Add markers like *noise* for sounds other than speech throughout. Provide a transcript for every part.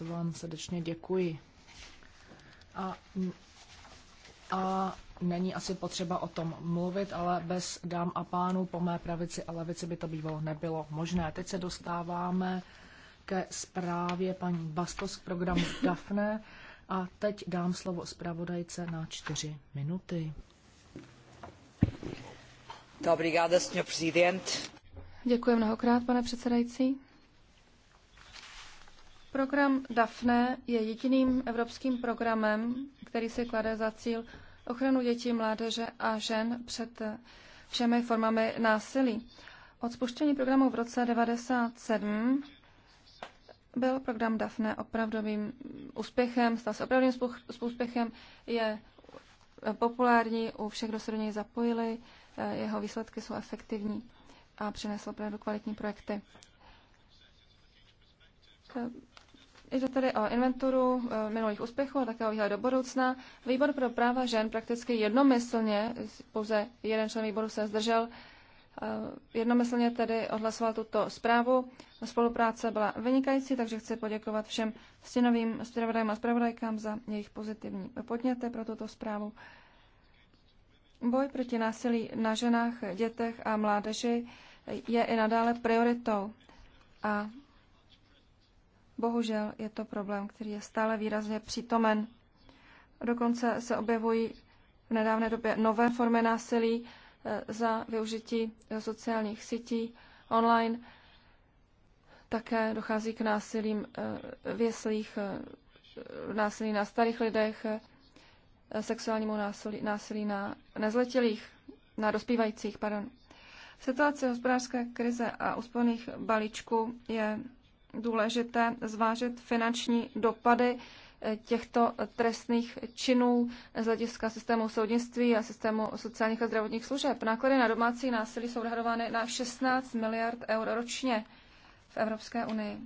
to vám srdečně děkuji. A, a není asi potřeba o tom mluvit, ale bez dám a pánů po mé pravici a levici by to bývalo nebylo možné. Teď se dostáváme ke zprávě paní Bastos k programu DAFNE a teď dám slovo zpravodajce na čtyři minuty. Děkuji mnohokrát, pane předsedající. Program DAFNE je jediným evropským programem, který si klade za cíl ochranu dětí, mládeže a žen před všemi formami násilí. Od spuštění programu v roce 1997 byl program DAFNE opravdovým úspěchem, stal se opravdovým úspěchem, je populární u všech, kdo se do něj zapojili, eh, jeho výsledky jsou efektivní a přinesl opravdu kvalitní projekty. Eh, Jde tedy o inventuru eh, minulých úspěchů a také o výhled do budoucna. Výbor pro práva žen prakticky jednomyslně, pouze jeden člen výboru se zdržel, eh, jednomyslně tedy odhlasoval tuto zprávu. Spolupráce byla vynikající, takže chci poděkovat všem stěnovým zpravodajům a zpravodajkám za jejich pozitivní podněty pro tuto zprávu. Boj proti násilí na ženách, dětech a mládeži je i nadále prioritou a Bohužel je to problém, který je stále výrazně přítomen. Dokonce se objevují v nedávné době nové formy násilí eh, za využití eh, sociálních sítí online. Také dochází k násilím eh, v jeslích, násilí na starých lidech, sexuálnímu násilí, násilí na nezletilých, na dospívajících, pardon. Situace hospodářské krize a úsporných balíčků je důležité zvážit finanční dopady eh, těchto trestných činů z hlediska systému soudnictví a systému sociálních a zdravotních služeb. Náklady na domácí násilí jsou odhadovány na 16 miliard eur ročně v Evropské unii.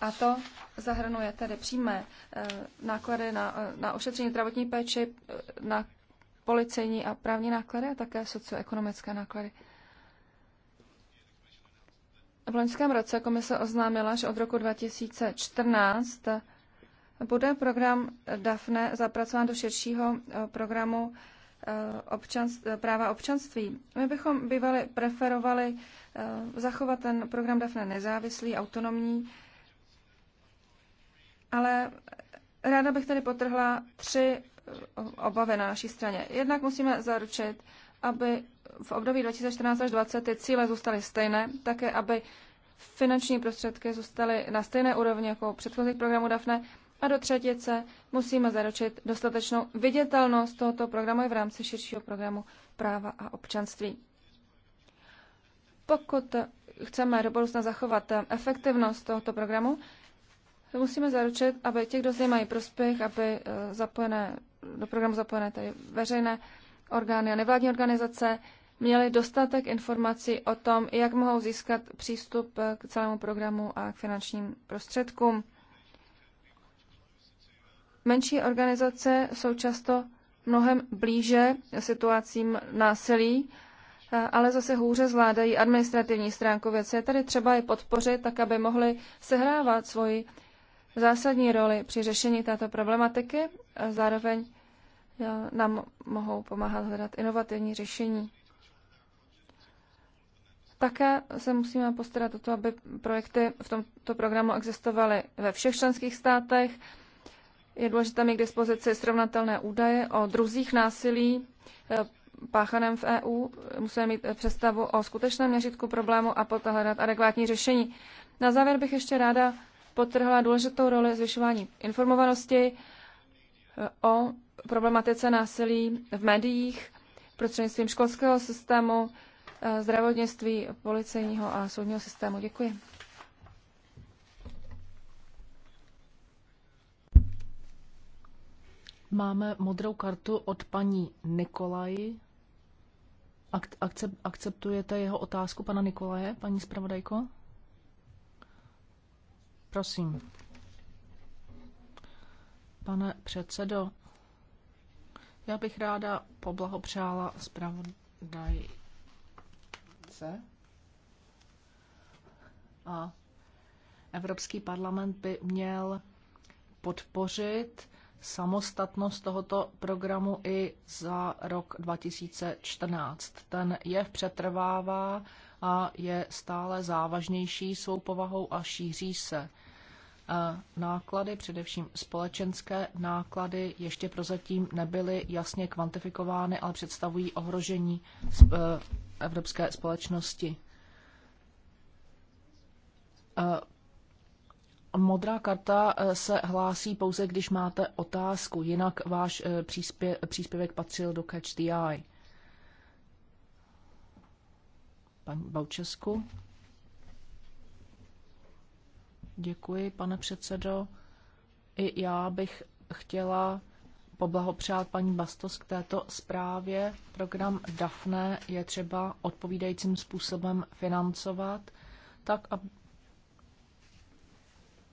A to zahrnuje tedy přímé eh, náklady na, eh, na ošetření zdravotní péči, na policejní a právní náklady a také socioekonomické náklady. V loňském roce komise oznámila, že od roku 2014 bude program DAFNE zapracován do širšího eh, programu eh, občanství, práva občanství. My bychom bývali preferovali eh, zachovat ten program DAFNE nezávislý, autonomní, ale ráda bych tady potrhla tři obavy na naší straně. Jednak musíme zaručit, aby v období 2014 až 2020 ty cíle zůstaly stejné, také aby finanční prostředky zůstaly na stejné úrovni jako předchozích programů DAFNE a do třetice musíme zaručit dostatečnou vidětelnost tohoto programu i v rámci širšího programu práva a občanství. Pokud chceme do budoucna zachovat efektivnost tohoto programu, musíme zaručit, aby ti, kdo z něj mají prospěch, aby eh, zapojené, do programu zapojené tady veřejné orgány a nevládní organizace měly dostatek informací o tom, jak mohou získat přístup k celému programu a k finančním prostředkům. Menší organizace jsou často mnohem blíže situacím násilí, ale zase hůře zvládají administrativní stránku věci. Je tady třeba je podpořit, tak aby mohli sehrávat svoji zásadní roli při řešení této problematiky. Zároveň nám mohou pomáhat hledat inovativní řešení. Také se musíme postarat o to, aby projekty v tomto programu existovaly ve všech členských státech. Je důležité mít k dispozici srovnatelné údaje o druzích násilí eh, páchaném v EU. Musíme mít eh, představu o skutečném měřitku problému a poté hledat adekvátní řešení. Na závěr bych ještě ráda potrhla důležitou roli zvyšování informovanosti o problematice násilí v médiích prostřednictvím školského systému, eh, zdravotnictví, policejního a soudního systému. Děkuji. Máme modrou kartu od paní Nikolaj. Akceptujete jeho otázku, pana Nikolaje, paní zpravodajko? Prosím. Pane předsedo, já bych ráda poblahopřála zpravodajce. A Evropský parlament by měl podpořit samostatnost tohoto programu i za rok 2014. Ten je přetrvává a je stále závažnější svou povahou a šíří se náklady, především společenské náklady, ještě prozatím nebyly jasně kvantifikovány, ale představují ohrožení eh, evropské společnosti. Eh, modrá karta eh, se hlásí pouze, když máte otázku, jinak váš příspěv, příspěvek patřil do Catch the Eye. Paní Baučesku. Děkuji, pane předsedo. I já bych chtěla poblahopřát paní Bastos k této zprávě. Program DAFNE je třeba odpovídajícím způsobem financovat, tak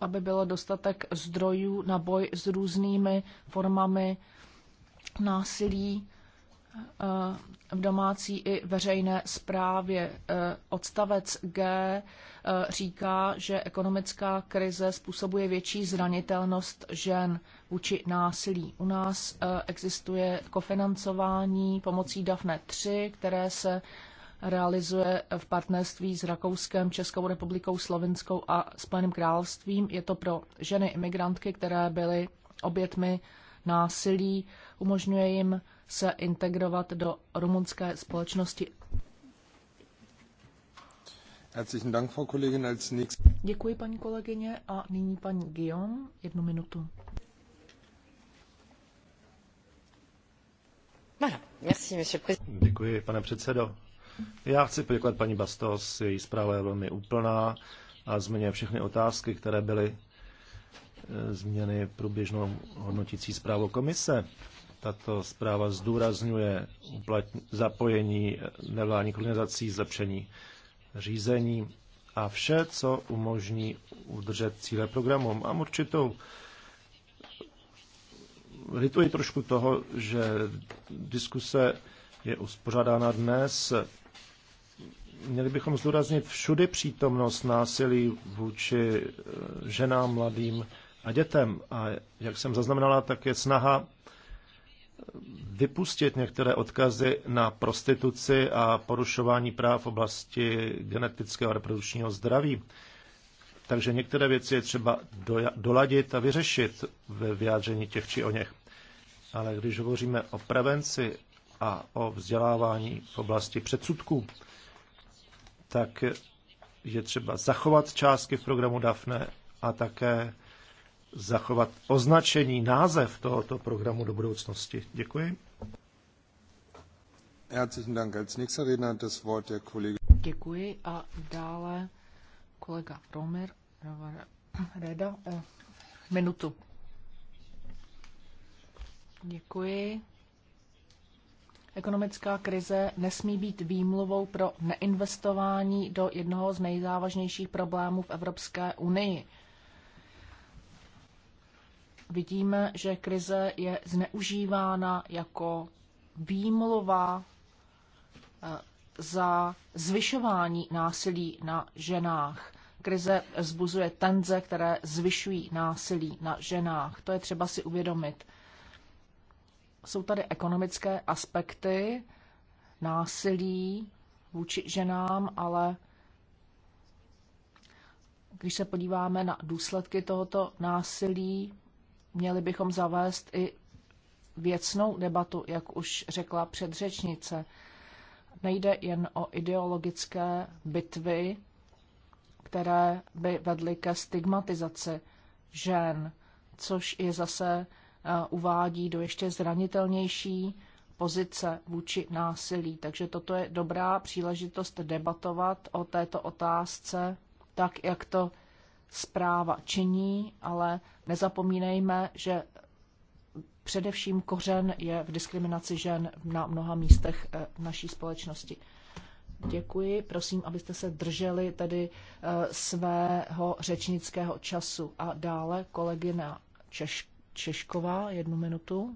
aby bylo dostatek zdrojů na boj s různými formami násilí eh, v domácí i veřejné správě. E, odstavec G e, říká, že ekonomická krize způsobuje větší zranitelnost žen vůči násilí. U nás e, existuje kofinancování pomocí DAFNE 3, které se realizuje v partnerství s Rakouskem, Českou republikou, Slovenskou a Spojeným královstvím. Je to pro ženy imigrantky, které byly obětmi násilí, umožňuje jim se integrovat do rumunské společnosti. Děkuji, paní kolegyně. A nyní paní Gion, jednu minutu. Děkuji, pane předsedo. Já chci poděkovat paní Bastos, její zpráva je velmi úplná a zmiňuje všechny otázky, které byly eh, změny průběžnou hodnotící zprávou komise. Tato zpráva zdůrazňuje zapojení nevládních organizací, zlepšení řízení a vše, co umožní udržet cíle programu. Mám určitou lituji trošku toho, že diskuse je uspořádána dnes. Měli bychom zdůraznit všudy přítomnost násilí vůči eh, ženám, mladým a dětem. A jak jsem zaznamenala, tak je snaha vypustit některé odkazy na prostituci a porušování práv v oblasti genetického a reprodukčního zdraví. Takže některé věci je třeba doladit a vyřešit ve vyjádření těch či o něch. Ale když hovoříme o prevenci a o vzdělávání v oblasti předsudků, tak je třeba zachovat částky v programu DAFNE a také zachovat označení, název tohoto programu do budoucnosti. Děkuji. Herzlichen Dank. Redner das Wort der Děkuji a dále kolega Romer Reda minutu. Děkuji. Ekonomická krize nesmí být výmluvou pro neinvestování do jednoho z nejzávažnějších problémů v Evropské unii – vidíme, že krize je zneužívána jako výmluva eh, za zvyšování násilí na ženách. Krize zbuzuje tenze, které zvyšují násilí na ženách. To je třeba si uvědomit. Jsou tady ekonomické aspekty násilí vůči ženám, ale když se podíváme na důsledky tohoto násilí, Měli bychom zavést i věcnou debatu, jak už řekla předřečnice. Nejde jen o ideologické bitvy, které by vedly ke stigmatizaci žen, což je zase eh, uvádí do ještě zranitelnější pozice vůči násilí. Takže toto je dobrá příležitost debatovat o této otázce, tak jak to zpráva činí, ale nezapomínejme, že především kořen je v diskriminaci žen na mnoha místech eh, naší společnosti. Děkuji, prosím, abyste se drželi tedy eh, svého řečnického času. A dále kolegyna Češ- Češková, jednu minutu.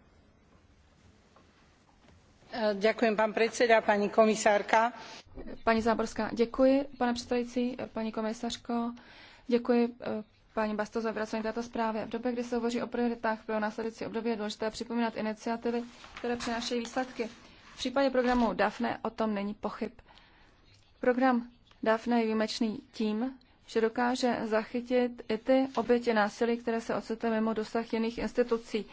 Děkuji, pan paní Paní Záborská, děkuji, pane předsedající, paní komisařko. Děkuji eh, paní bastosové za vypracování této zprávy. V době, kdy se hovoří o prioritách pro následující období, je důležité připomínat iniciativy, které přinášejí výsledky. V případě programu DAFNE o tom není pochyb. Program DAFNE je výjimečný tím, že dokáže zachytit i ty oběti násilí, které se ocitly mimo dosah jiných institucí.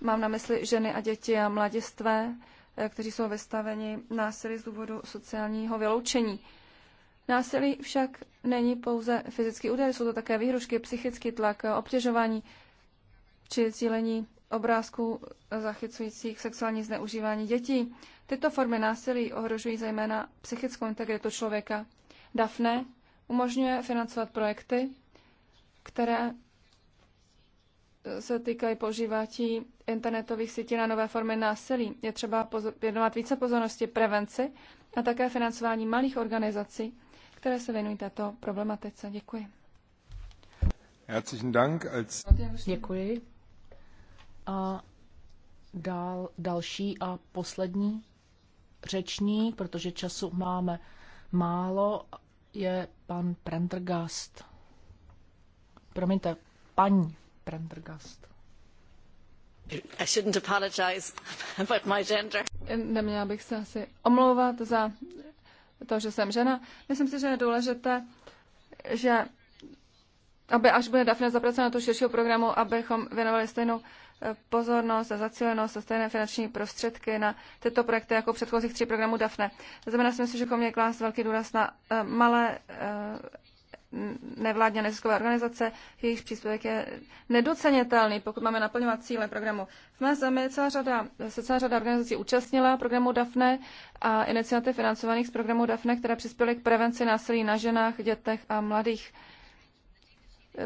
Mám na mysli ženy a děti a mladistvé, Eh, kteří jsou vystaveni násilí z důvodu sociálního vyloučení. Násilí však není pouze fyzický úder, jsou to také výhrušky, psychický tlak, eh, obtěžování či cílení obrázků zachycujících sexuální zneužívání dětí. Tyto formy násilí ohrožují zejména psychickou integritu člověka. DAFNE umožňuje financovat projekty, které se týkají používání internetových sítí na nové formy násilí. Je třeba věnovat více pozornosti prevenci a také financování malých organizací, které se věnují této problematice. Děkuji. Děkuji. A dál, další a poslední řečník, protože času máme málo, je pan Prendergast. Promiňte, paní Prendergast. I shouldn't apologize about *laughs* my gender. Neměla bych se asi omlouvat za to, že jsem žena. Myslím si, že je důležité, že aby až bude Dafne na tu širšího programu, abychom věnovali stejnou eh, pozornost a zacílenost a stejné finanční prostředky na tyto projekty jako předchozích tří programů DAFNE. Znamená si myslím, že bychom jako měli klást velký důraz na eh, malé eh, nevládně neziskové organizace, jejichž příspěvek je nedocenitelný, pokud máme naplňovat cíle programu. V mé zemi celá řada, se celá řada organizací účastnila programu DAFNE a iniciativ financovaných z programu DAFNE, které přispěly k prevenci násilí na ženách, dětech a mladých.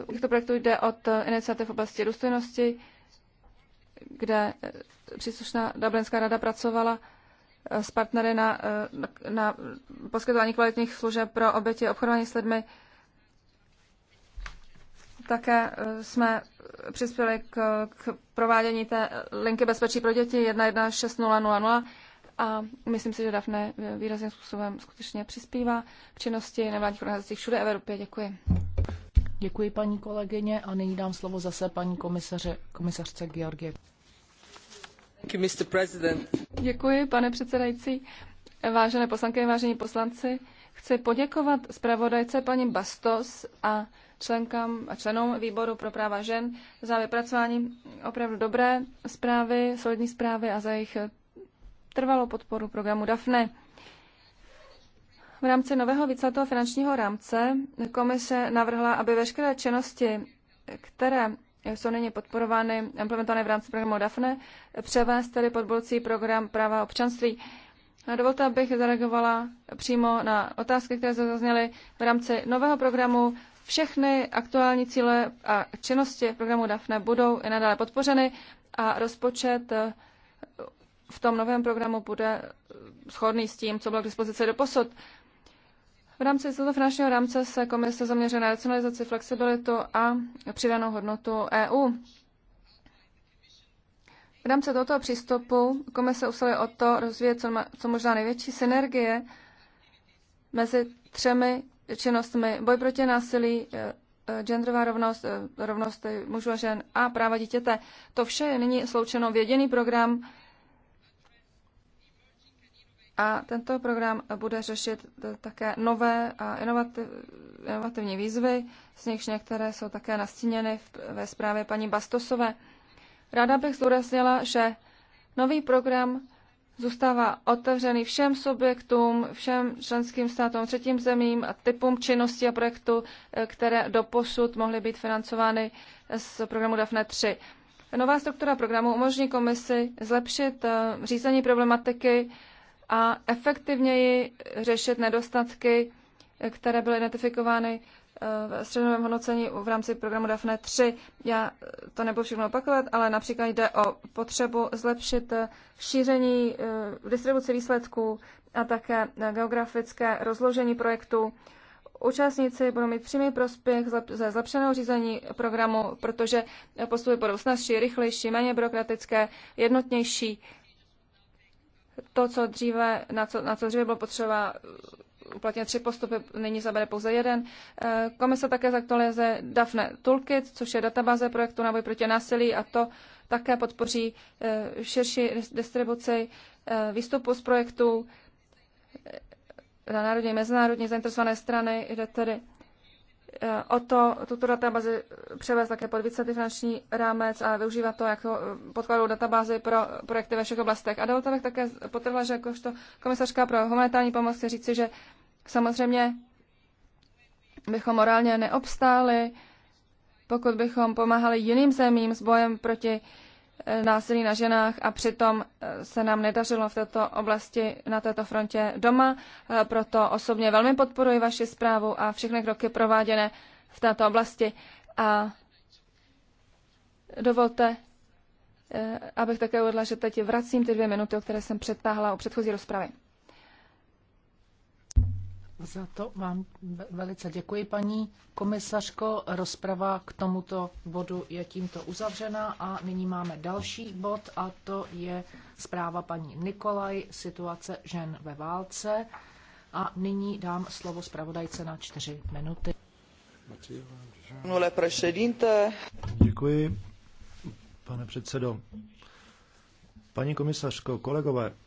U těchto projektů jde od iniciativ v oblasti důstojnosti, kde eh, příslušná Dublinská rada pracovala eh, s partnery na, eh, na, na poskytování kvalitních služeb pro oběti obchodování s lidmi také eh, jsme přispěli k, k provádění té linky bezpečí pro děti 116000 a myslím si, že Dafne eh, výrazným způsobem skutečně přispívá k činnosti nevládních organizací všude Evropě. Děkuji. Děkuji paní kolegyně a nyní dám slovo zase paní komisaře, komisařce Georgie. Děkuji, pane předsedající. Vážené poslankyně, vážení poslanci, chci poděkovat zpravodajce paní Bastos a členkám a členům výboru pro práva žen za vypracování opravdu dobré zprávy, solidní zprávy a za jejich trvalou podporu programu DAFNE. V rámci nového víceletého finančního rámce komise navrhla, aby veškeré činnosti, které jsou nyní podporovány, implementované v rámci programu DAFNE, převést tedy pod budoucí program práva občanství. Dovolte, abych zareagovala přímo na otázky, které se zazněly v rámci nového programu všechny aktuální cíle a činnosti programu DAFNE budou i nadále podpořeny a rozpočet eh, v tom novém programu bude eh, shodný s tím, co bylo k dispozici do posud. V rámci tohoto finančního rámce se komise zaměřuje na racionalizaci, flexibilitu a přidanou hodnotu EU. V rámci tohoto přístupu komise usiluje o to rozvíjet co, co možná největší synergie mezi třemi činnostmi boj proti násilí, eh, eh, genderová rovnost, eh, rovnost mužů a žen a práva dítěte. To vše je nyní sloučeno v jediný program a tento program bude řešit také nové a inovativní výzvy, z nichž některé jsou také nastíněny ve zprávě paní Bastosové. Ráda bych zdůraznila, že nový program zůstává otevřený všem subjektům, všem členským státům, třetím zemím a typům činnosti a projektů, eh, které doposud mohly být financovány z programu DAFNE 3. Nová struktura programu umožní komisi zlepšit eh, řízení problematiky a efektivněji řešit nedostatky, eh, které byly identifikovány Eh, v střednovém hodnocení v rámci programu DAFNE 3. Já to nebudu všechno opakovat, ale například jde o potřebu zlepšit eh, šíření eh, distribuci výsledků a také geografické rozložení projektu. Účastníci budou mít přímý prospěch ze zlepšeného řízení programu, protože postupy budou snazší, rychlejší, méně byrokratické, jednotnější. To, co dříve, na, co, na co dříve bylo potřeba uplatnit tři postupy, nyní zabere pouze jeden. Eh, komise také zaktualizuje DAFNE Toolkit, což je databáze projektu na boj proti násilí a to také podpoří eh, širší distribuci eh, výstupu z projektů na národní a mezinárodní zainteresované strany. Jde tedy o to, tuto databázi převést také pod více finanční rámec a využívat to jako podkladovou databázi pro projekty ve všech oblastech. A dovolte bych také potrhla, že jakožto komisařka pro humanitární pomoc chci říci, že Samozřejmě bychom morálně neobstáli, pokud bychom pomáhali jiným zemím s bojem proti eh, násilí na ženách a přitom eh, se nám nedařilo v této oblasti na této frontě doma. Eh, proto osobně velmi podporuji vaši zprávu a všechny kroky prováděné v této oblasti. A dovolte, abych také uvedla, že teď vracím ty dvě minuty, o které jsem přetáhla u předchozí rozpravy. Za to vám velice děkuji, paní komisařko. Rozprava k tomuto bodu je tímto uzavřena a nyní máme další bod a to je zpráva paní Nikolaj, situace žen ve válce. A nyní dám slovo zpravodajce na čtyři minuty. Děkuji, pane předsedo. Paní komisařko, kolegové,